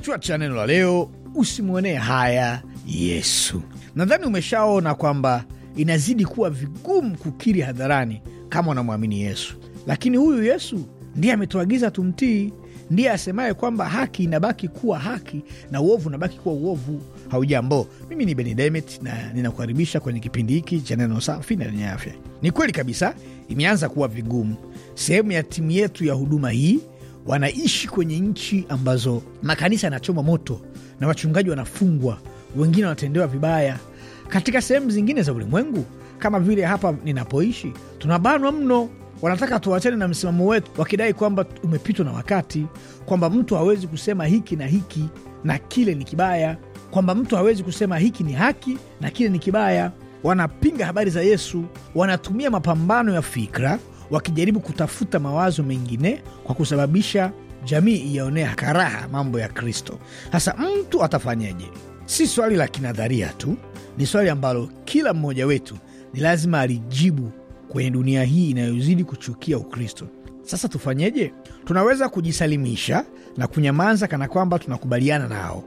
Kichwa cha neno la leo, usimwonee haya Yesu. Nadhani umeshaona kwamba inazidi kuwa vigumu kukiri hadharani kama unamwamini Yesu, lakini huyu Yesu ndiye ametuagiza tumtii. Ndiye asemaye kwamba haki inabaki kuwa haki na uovu unabaki kuwa uovu. Haujambo, mimi ni benidemit na ninakukaribisha kwenye kipindi hiki cha neno safi na lenye afya. Ni kweli kabisa, imeanza kuwa vigumu. Sehemu ya timu yetu ya huduma hii wanaishi kwenye nchi ambazo makanisa yanachoma moto na wachungaji wanafungwa, wengine wanatendewa vibaya. Katika sehemu zingine za ulimwengu kama vile hapa ninapoishi, tunabanwa mno. Wanataka tuachane na msimamo wetu, wakidai kwamba umepitwa na wakati, kwamba mtu hawezi kusema hiki na hiki na kile ni kibaya, kwamba mtu hawezi kusema hiki ni haki na kile ni kibaya. Wanapinga habari za Yesu, wanatumia mapambano ya fikra wakijaribu kutafuta mawazo mengine kwa kusababisha jamii iyaonea karaha mambo ya Kristo. Sasa mtu atafanyaje? Si swali la kinadharia tu, ni swali ambalo kila mmoja wetu ni lazima alijibu kwenye dunia hii inayozidi kuchukia Ukristo. Sasa tufanyeje? Tunaweza kujisalimisha na kunyamaza kana kwamba tunakubaliana nao,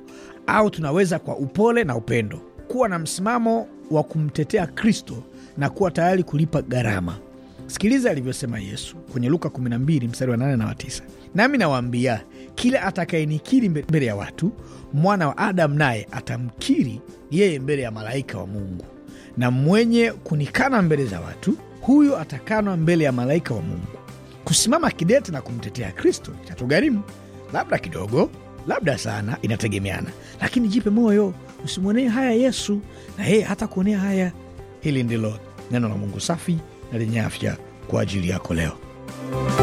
au tunaweza kwa upole na upendo kuwa na msimamo wa kumtetea Kristo na kuwa tayari kulipa gharama. Sikiliza alivyosema Yesu kwenye Luka 12 mstari wa 8 na wa 9, nami nawaambia kila atakayenikiri mbele ya watu, mwana wa Adamu naye atamkiri yeye mbele ya malaika wa Mungu, na mwenye kunikana mbele za watu, huyo atakanwa mbele ya malaika wa Mungu. Kusimama kidete na kumtetea Kristo itatugharimu labda kidogo, labda sana, inategemeana. Lakini jipe moyo, usimwonee haya Yesu na yeye hata kuonea haya. Hili ndilo neno la Mungu safi na lenye afya kwa ajili yako leo.